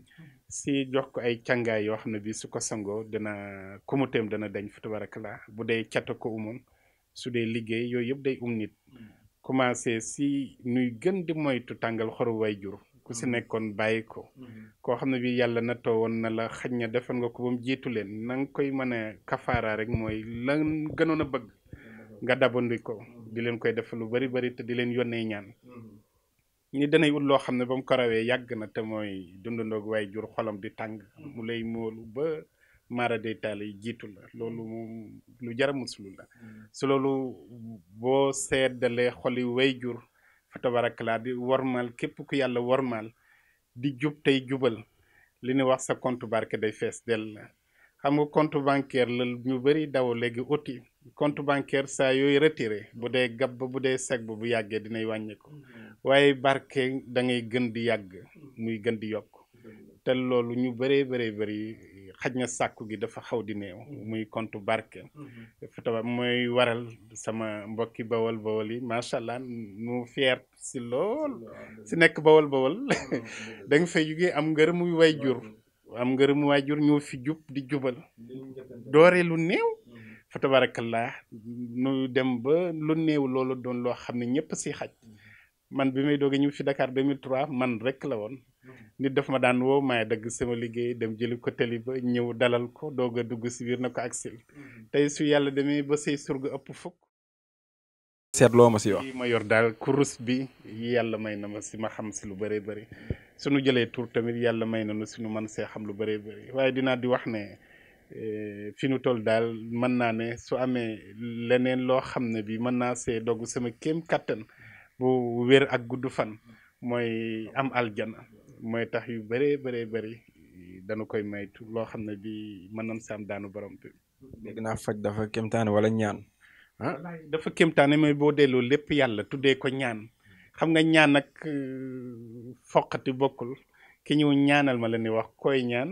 Speaker 2: si jox ko ay càngaay yoo xam ne bii su ko sangoo dana kumuteem dana dañ fa la bu dee cata ko umoon su dee liggéey yooyu yëpp day um nit hmm. commencé si nuy gën di moytu tàngal xoru way jur ku si hmm. nekkoon bàyyi ko hmm. koo xam ne bi yàlla nattoo woon na la xaj na defoon nga ko ba mu jiitu leen na koy mën a kafaara rek mooy la gënoon a bëgg nga dabandi ko di leen koy def lu bari bari te di leen yónnee ñaan ñu ni danay wut loo xam ne ba mu ko rawee yàgg na te mooy dundandoog waay jur xolam di tàng hmm. mu lay moolu ba maara day taal yi jiitu la loolu moom lu jar a la hmm. su loolu boo seddalee xoli way jur fa tabarakalaa di warmaal képp ku yàlla warmaal di jub tey jubal li ñu wax sa compte barke day fees dell la xam nga compte bancaire la ñu bëri daw léegi uti compte bancaire saa yooyu retiré bu dee gab bu dee seg bu yàggee dinay wàññeeku mm-hmm. waaye barke da ngay gën di yàgg muy gën di yokk mm-hmm. te loolu ñu bëree bëree bëri xaj na sàkku gi dafa xaw di neew mm-hmm. muy compte barke fataba mooy waral sama mbokki bawol bawol yi macha allah mu fier si lool si nekk bawol bawol da nga fay am ngërëm muy way jur am ngërëm mu way ñoo fi jub di jubal doore lu fa tabarakallah nu dem ba lu néew loolu doon loo xam ne ñëpp si xaj mm-hmm. man bi may doog ñëw fi Dakar 2003 man rek la woon mm-hmm. nit daf ma daan woo maay dagg sama liggéey dem jëli ko tali ba ñëw dalal ko doog a dugg si biir na ko ak sil mm-hmm. tey su yàlla demee ba say surga ëpp fukk.
Speaker 1: seetloo ma si wax
Speaker 2: ma yor daal kurus bi yàlla may na ma si ma xam si lu bëree bëri nu jëlee tour tamit yàlla may na nu si nu man see xam lu bëree bëri waaye dinaa di wax ne. Eh, fi nu toll daal mën naa ne su amee leneen loo xam ne bi mën naa see dogg sama kéem kattan bu wér ak gudd fan mooy am aljana mooy tax yu bëree bëree bëri dana koy maytu loo xam ne bi mën nam si am daanu borom bi dégg naa
Speaker 1: faj dafa kéemtaane wala ñaan
Speaker 2: ah dafa kéemtaane mooy boo delloo lépp yàlla tuddee ko ñaan xam nga ñaan nag euh, bokkul ki ñu ñaanal ma la wax koy ñaan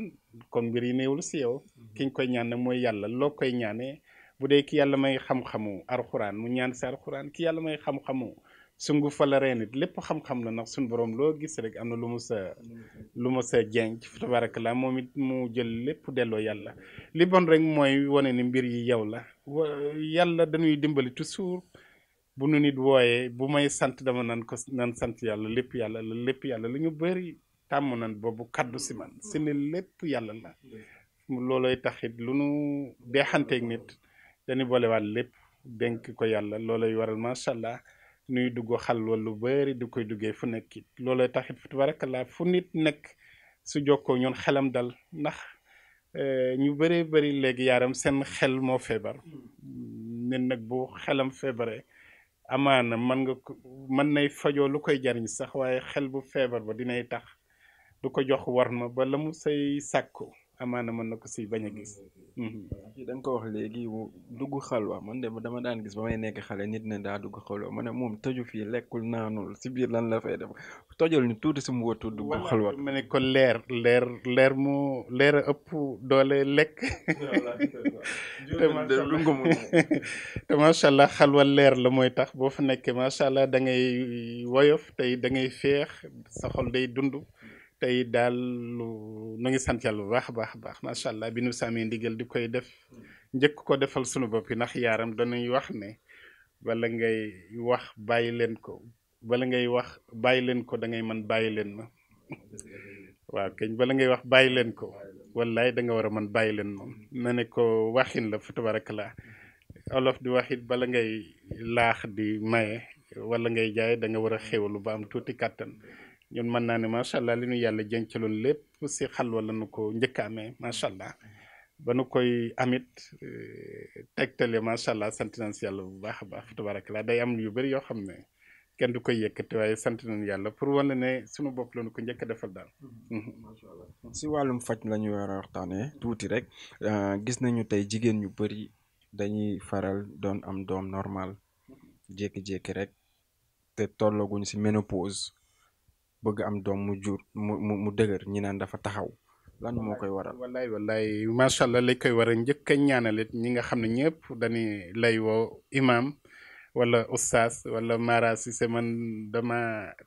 Speaker 2: kon mbir yi néewul si yow mhm. kiñ koy ñaan nag mooy yàlla loo koy ñaanee bu dee ki yàlla may xam-xamu alxuraan mu ñaan si alxuraan ki yàlla may xam-xamu sungu fa la reen lépp xam-xam la ndax suñu boroom loo gis rek am na lu mu sa lu mu sa jenc tabarakallah moom it mu jël lépp delloo yàlla li bon rek mooy wane ni mbir yi yow la yàlla dañuy dimbali toujours bu nu nit wooyee bu may sant dama nan ko naan sant yàlla lépp yàlla la lépp yàlla tàmm bobu kaddu si man si lépp yàlla la loloy taxit lu nu ak nit dañu boolewaat lépp dénk ko yàlla loloy waral sha allah nuy duggu xal walu lu bëri koy duggé fu nekk it loolooy taxit tabarakallah fu nit nek su jokkoo ñun xelam dal nax ñu bëré bëri lég yaram sen xel mo febar nen nak bu xelam febaré amana man nga man nay fajo lu koy jarign sax waye xel bu febar ba dinay tax du ko jox war ma ba la mu say sàkku amaana mën na ko si bañ a gis.
Speaker 1: fii mhm. ko wax léegi dugg xalwa man de dama daan gis ba may nekk xale nit ne daa dugg xalwa ma ne
Speaker 2: moom tëju fii lekkul naanul si biir lan la fay def tojal ñu tuuti si mu wëtu dugg xalwa. ma ne ko leer leer leer mu leer a ëpp doole lekk. te macha allah xalwa leer la mooy tax boo fa nekkee macha allah da ngay woyof tey da ngay féex sa xol day dund. tey daal nu ngi sant bu baax a baax baax macha allah bi nu saamee ndigal di koy def njëkk ko defal sunu bopp yi ndax yaaram dañuy wax ne bala ngay wax bàyyi leen ko bala ngay wax bàyyi leen ko da ngay bàyyi leen ma waaw kañ bala ngay wax bàyyi leen ko wallaay da nga war a man bàyyi leen moom na ne ko waxin la a tabarakalaa olof di wax bala ngay laax di maye wala ngay jaay da war a xéwlu ba am tuuti kàttan ñun mën naa ne macha allah li ñu yàlla jëncaloon lépp si xalwa la nu ko njëkk amee macha allah ba nu koy amit eh, tegtale macha allah sant si yàlla bu baax a baax tabarakallah day am yu bëri yoo xam ne kenn du koy yëkkati waaye sant yàlla pour wane ne suñu bopp la nu ko njëkk a defal daal.
Speaker 1: Mm-hmm. si wàllum faj lañu ñu war a waxtaanee tuuti rek euh, gis nañu tey jigéen ñu bëri dañuy faral doon am doom normal mm-hmm. jékki-jékki rek te tollaguñ si ménopause. bëgg am doom mu jur mu mu mu
Speaker 2: dëgër ñi naan dafa taxaw lan moo koy waral. wallaay wallaay macha allah lañ koy waral njëkk a ñaanalit ñi nga xam ne ñëpp dañuy lay woo imaam wala ustaas wala Mara Cissé man dama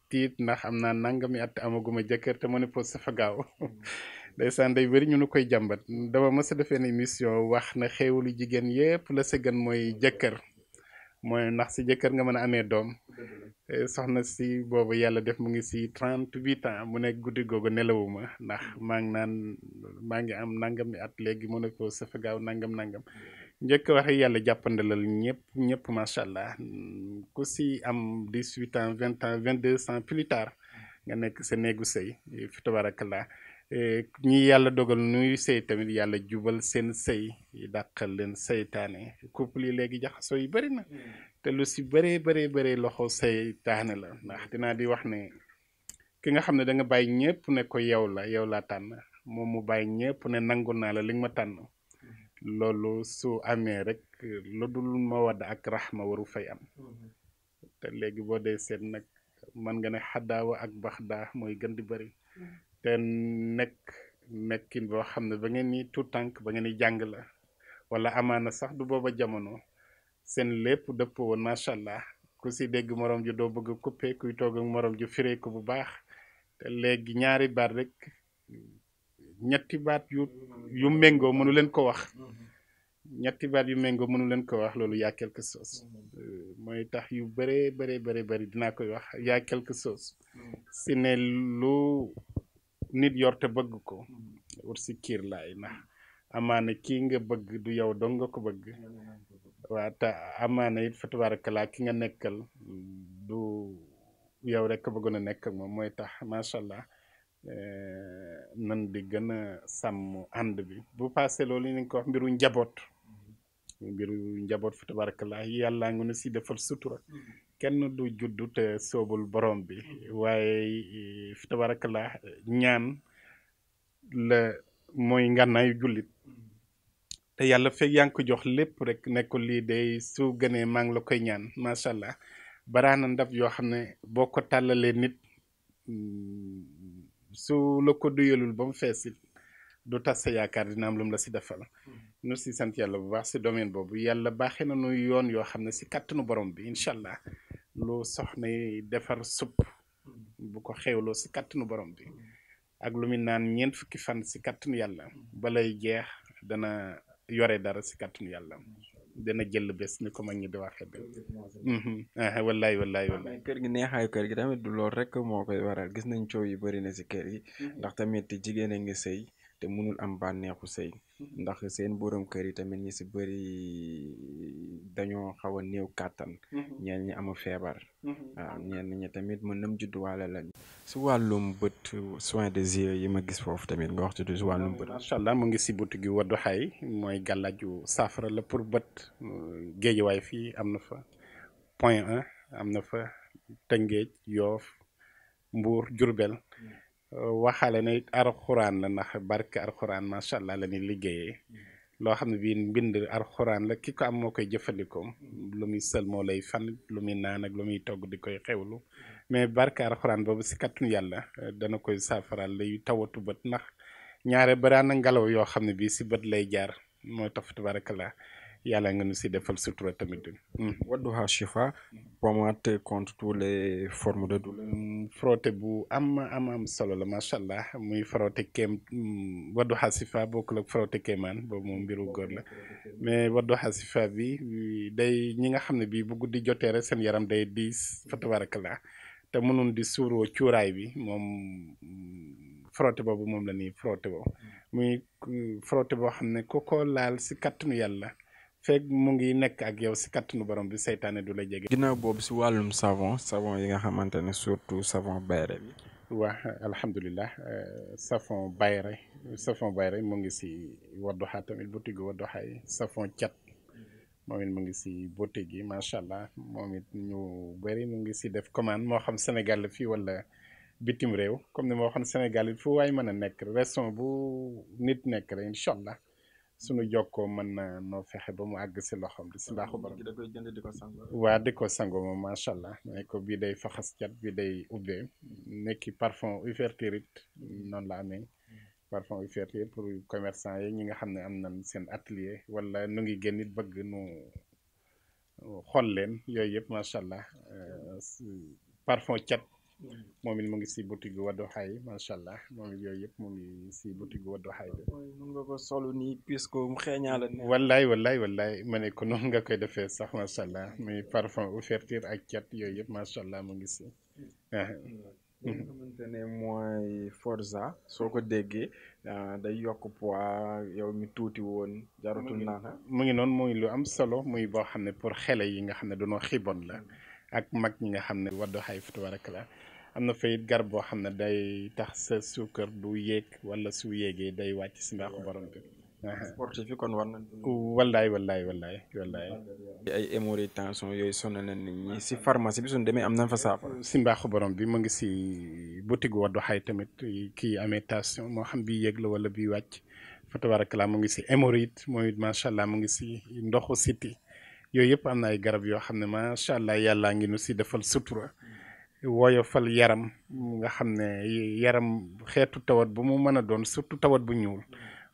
Speaker 2: tiit ndax am naa nangami at amaguma jëkkër te ma ne pos safa gaaw ndeysaan day bëri ñu nu koy jàmbat dama mës a defee émission wax na xéewalu jigéen yëpp la sëggan mooy jëkkër. mooy ndax si jëkkër nga mën a amee doom soxna si boobu yàlla def mu ngi si trente huit ans mu nekk guddi googu nelawuma ndax maa ngi maa ngi am nangam at léegi mën na ko safa nangam nangam njëkk wax yàlla jàppandalal ñëpp ñëpp macha allah ku si am dix huit ans vingt ans vingt deux ans plus nga nekk sa néegu sëy fi Eh, ñi yàlla dogal nuy sëy tamit yàlla jubal seen sëy dàqal leen seytaane couple yi léegi jaxasoo yi bari na te lu si bëree bari bari loxo seytaane la ndax dinaa di wax ne ki nga xam ne danga bàyyi ñëpp ne ko yow la yow laa tànn moom mu bàyyi ñëpp ne nangu naa la li ma tànn loolu su amee rek lu dul ma wadd ak raxma waru fay am te léegi boo dee seet nag mën nga ne xaddaawa ak baxdaa mooy gën di bari te nekk nekkin boo xam ne ba ngeen ni tout tànk ba ngeen jàng la wala amaana sax du booba jamono seen lépp dëppoo woon macha allah ku si dégg moroom ju doo bëgg a coupé kuy toog ak morom ju firee ko bu baax te léegi ñaari baat rek ñetti baat yu méngoo mënu leen ko wax ñetti baat yu méngoo mënu leen ko wax loolu yaa quelque chose mooy tax yu bëree bëree bëri bëri dinaa koy wax yaa quelque chose si ne lu nit yor te bëgg ko wut si kiir laay ndax amaana kii nga bëgg du yow dong ko bëgg waa te amaana it fa tabarakalaa ki nga nekkal du yow rek bëggoon a nekk moom mooy tax macha allah eh, nan di gën a sàmm ànd bi bu paase loolu ni ko wax mbiru njaboot mbiru njaboot fa tabarakalaa yàllaa ngi nu si defal sutura kenn du juddu te soobul borom bi waaye eh, fi la ñaan la mooy ngànnaayu jullit te yàlla fekk yaa jox lépp rek nekkul lii day su gënee maa ngi la koy ñaan macha allah baraana ndab yoo xam ne boo ko tàllalee nit mm, su la ko duyalul ba mu du tas sa yaakaar dina am lu la si defal. nu si sant yàlla bu baax si domaine boobu yàlla baaxee na nu yoon yoo xam ne si kàttanu borom bi incha allah lu soxna yi defar supp bu ko xewloo si kàttanu borom bi ak lu muy naan ñeent fukki fan si kàttanu yàlla balay jeex dana yore dara si kàttanu yàlla dana jël bés ni ko mag ñi di waxee ba. Mhm. wallaay
Speaker 1: kër gi neexaayu kër gi tamit du loolu rek moo koy waral gis nañ coow yi bëri na si kër gi. Mhm. ndax tamit jigéen a ngi sëy te am bànneexu sëy mm-hmm. ndax seen borom kër yi tamit ñi si bëri dañoo xaw a néew kàttan mm-hmm. ñeen ñi amu feebar waaw mm-hmm. ah, ñeen ñi tamit mën nam judduwaale lañ si wàllum bët soin des yeux
Speaker 2: yi ma gis foofu tamit nga wax ci si wàllum bët macha allah mu ngi si butu gi Wadduha mooy gàllaaju saafara la pour bët géejuwaay fii am na fa point un am na fa Tëngéej Yoof Mbuur Jurbel mm. waxaale na ar alxuraan la nax barke alxuraan macha allah la ñuy liggéeyee loo xam ne bii mbind alxuraan la ki ko am moo koy jëfandikoo lu muy sël moo lay fan lu muy naan ak lu muy togg di koy xewlu mais barke alxuraan boobu si kattun yàlla dana koy saafaral lay tawatu bët ndax ñaare baraan ngelaw yoo xam ne bii si bët lay jaar mooy taf tabaraka la yàlla nga nu si defal sutura tamit. Mm. Wadduha Chifa. pommade contre tous les formes de mm, bu am am solo la macha allah muy frotté kéem mm, Wadduha Chifa bokkul ak frotté kéemaan boobu moom mbiru góor la mais Wadduha Chifa bi day ñi nga xam ne bii bu guddi jotee rek seen yaram day diis fa tabarakallah te mënun di suuroo cuuraay bi moom frotté boobu moom la nii frotté boobu. muy frotté boo xam ne ku ko laal si kattanu yàlla. fekk mu ngi nekk ak yow si kattanu borom bi seytaane du la jege. ginnaaw
Speaker 1: boobu si wàllum savon savon yi nga xamante ne surtout savon bayre bi.
Speaker 2: waa alhamdulilah euh, savon bayre savon bayre mu ngi si Wadduha tamit boutique Wadduha yi savon moom it mu ngi si boutique yi macha allah moom it ñu bëri mu ngi si def commande moo xam Sénégal la fii wala. bitim réew comme ni moo xam Sénégal it fu mën a nekk restaurant bu nit nekk rek incha allah sunu jokkoo mën na noo fexe ba mu àgg si loxoom di si mbaaxu borom waa di ko sangoo moom macha allah ne ko bii day faxas cat bii day ubbee nekki parfum ouverture it noonu la amee hmm. parfum ouverture pour commerçant yi ñi nga xam ne am nañ seen atelier wala nu ngi génn nu xool leen yooyu yëpp macha allah hmm. euh, parfum cat moom it mu ngi si boutique Wadduha macha allah moom it yooyu yëpp mu ngi si boutique Wadduha bi. mun nga ko solu nii puisque mu xeeñaa la. wallaay wallaay wallaay ma ne ko noonu nga koy defee sax macha allah muy parfum ouverture ak cat yooyu yëpp macha allah mu ngi si. li soo ko déggee day yokk poids yow mi tuuti woon
Speaker 3: jarutul naan
Speaker 2: mu ngi noonu muy lu am solo muy boo xam ne pour xele yi nga xam ne dañoo xiboon la ak mag ñi nga xam ne Wadduha fi tabaaraka la am na fayit garab boo xam ne day tax sa suukar du yéeg wala su yéegee day wàcc si mbaaxu borom bi sportif yi kon war na wallaay wallaay wallaay wallaay
Speaker 1: ay hémorroïde yooyu sonal na nit si pharmacie bi suñ
Speaker 2: demee am nañ fa saafara si mbaaxu borom bi mu ngi si boutique Wadduha tamit kii amee tension moo xam bii yéeg la wala bii wàcc fa tabarakallah mu ngi si hémorroïde mooy macha allah mu ngi si ndoxu siti yooyu yëpp am na ay garab yoo xam ne macha allah yàllaa ngi nu si defal sutura woyofal yaram nga xam ne yaram xeetu tawat bu mu mën a doon surtout tawat bu ñuul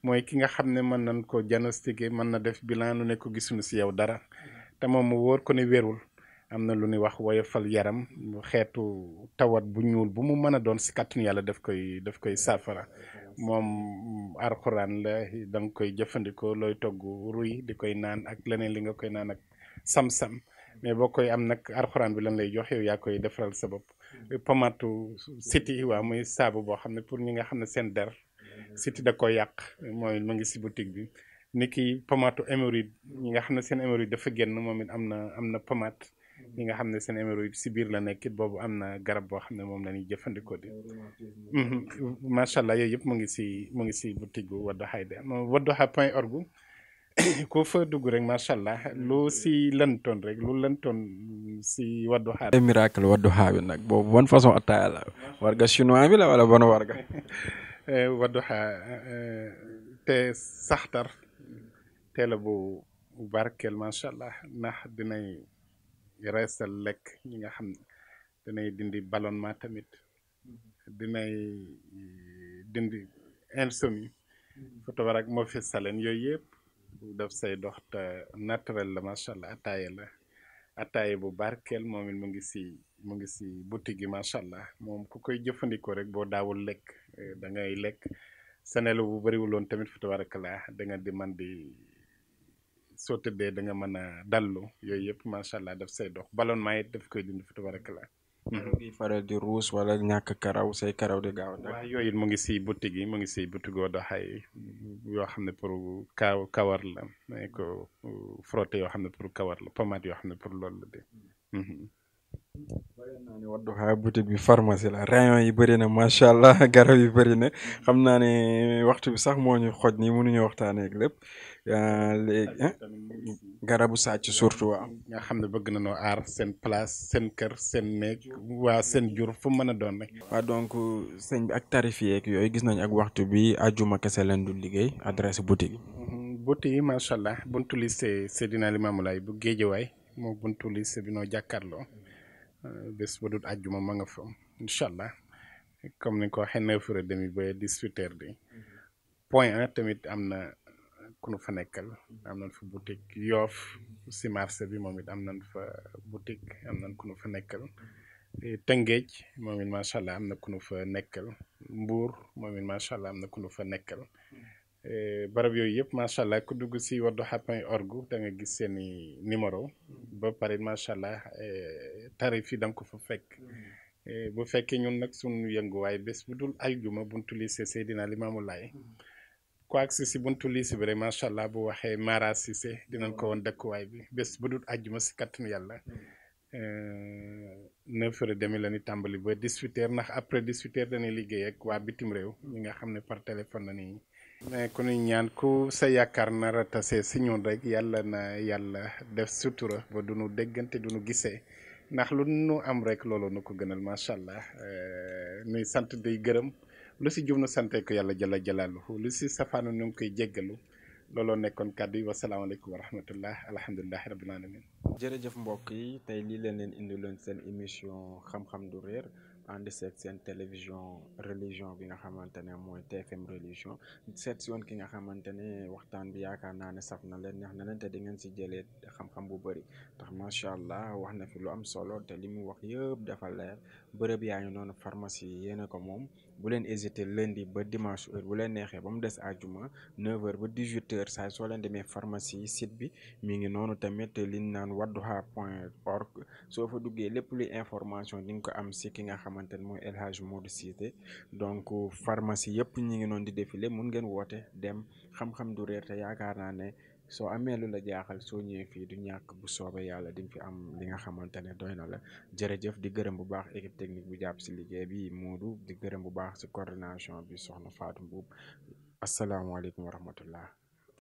Speaker 2: mooy ki nga xam ne mën nañ ko diagnostiqué mën na def bilan lu ne ko gisuñu si yow dara te moom mu wóor ko ne wérul am na lu ñuy wax woyofal yaram xeetu tawat bu ñuul bu mu mën a doon si kàttanu yàlla daf koy daf koy saafara moom arxuraan la da nga koy jëfandikoo looy togg ruy di koy naan ak leneen li nga koy naan ak sam-sam mais boo koy am nag arxuraan bi lan lay jox yow yaa koy defaral sa bopp pomatu siti waa muy saabu boo xam ne pour ñi nga xam ne seen der siti da koy yàq mooy mu ngi si boutique bi ni ki pomatu hémorroïde ñi nga xam ne seen hémorroïde dafa génn moom it am na am na pomate ñi nga xam ne seen hémorroïde si biir la nekkit boobu am na garab boo xam ne moom lañuy ñuy jëfandikoo di mhm, macha allah yooyu yëpp mu ngi si mu ngi si boutique bu Wadduha moom Wadduha point org ku fa dugg rek macha allah lu si lëntoon rek lu lëntoon si Wadduha. ay
Speaker 1: miracle Wadduha bi nag boobu façon attaaya la warga chinois bi la wala ban warga.
Speaker 2: Eh, Wadduha eh, te saxtar te la bu barkeel macha allah ndax dinay reesal nga xam ne dinay dindi ballonnement tamit mm-hmm. dinay eh, dindi insomnie. Mm-hmm. foto barak moo saleen yooyu yëpp. daf say dox te naturel la macha allah ataaya la ataaya bu barkeel moom it mu ngi si mu ngi si boutique yi macha allah moom ku koy jëfandikoo rek boo daawul lekk eh, dangay lekk senelo bu bëriwul tamit fa tabarakallah da nga di man di soo tëddee da nga mën a dallu yooyu yëpp macha allah daf say dox ballonnement it daf koy dindi fa tabarakallah
Speaker 1: ngi faral di ruus wala ñàkk karaw say karaw di gaaw. waaw
Speaker 2: yooyu mu ngi si boutique yi mu ngi si boutique mm, yoo xam ne pour kaw kawar la mais que euh, frotté yoo xam ne pour kawar la pommade yoo xam ne pour loolu la de. Mm-hmm.
Speaker 1: bëri bi pharmacie la rayon yi bëri na macha allah garab yi bëri na xam naa ne waxtu bi sax moo ñu xoj ni mënuñu waxtaanee ak lépp. léegi eh,
Speaker 2: garabu sàcc surtout waaw. nga xam ne bëgg na noo aar seen place seen kër seen néeg waa seen jur fu mën a doon rek. waaw donc sëñ bi ak tarif yooyu gis nañ
Speaker 1: ak waxtu bi ajuma kese leen du liggéey adresse mhm,
Speaker 2: boutique yi. macha allah buntu lycée Seydina Limamou Laye bu Géejawaay moo buntu lycée bi noo jàkkaarloo euh, bés bu dul àjjuma ma nga fa incha allah comme ni ko waxee neuf heures demi ba dix di mhm. point un tamit am na. ku fa nekkal am na fa boutique yoof si marché bi moom it am na fa boutique am nañ ku fa nekkal eh, tëngeej moom it macha allah am na ku nu fa nekkal mbuur moom it macha allah am na ku nu fa nekkal eh, barab yooyu yëpp macha allah ku dugg si wadduha point da nga gis seen numéro ba pare macha allah eh, tarif yi da nga ko fa fekk bu fekkee ñun nag suñu yënguwaay bés bu dul aljuma buntu lycée Seydina Limamou Laye ko agsi si buntu lycée bi macha allah bu waxee Mara Cissé dinañ ko woon dëkkuwaay bi bés bu dul ajuma si kattanu yàlla euh, neuf heures et demi la ñu tàmbali ba dix huit heures après dix huit heures dañuy liggéey ak waa bitim réew ñi nga xam ne par téléphone na ñuy. mais ku ñuy ñaan ku sa yaakaar nar a tase si ñun rek yàlla na yàlla def sutura ba du ñu déggante du ñu gisee. ndax lu nu am rek loolu nu ko gënal macha allah euh, nuy sant day gërëm. lu si santai sante ko yalla jalla jalaluhu lu si safanu nu koy jegalu lolo nekkon kaddu wa salaamu alaykum wa rahmatullah alhamdulillah rabbil alamin
Speaker 1: jef mbok yi li len len indi indiloon sen emission xam-xam du réer ànd seeg sen television religion bi nga xamantene moy TFM religion seet si ki nga xamantene waxtan waxtaan bi yaakaar ne na te di ngeen si jele xam-xam bu tax ma sha allah wax na fi lu am solo te li wax yeb dafa leer bërëb yaa non pharmacie yene ko mom Vous leen lundi ba dimanche heure 9h ba 18h soit l'un de mes pharmacie site bi mi ngi nonu tamit li Nan naan que point org fa lépp luy information ding ko am ci ki nga donc pharmacie di défilé mën ngeen dem xam-xam soo amee lu la jaaxal soo ñëwee fii du ñàkk bu soobee yàlla di fi am li nga xamante ne doy na la jërëjëf di gërëm bu baax équipe technique bu jàpp si liggéey bi Moodu di gërëm bu baax si coordination bi soxna Fatou Mbuub asalaamaaleykum wa rahmatullah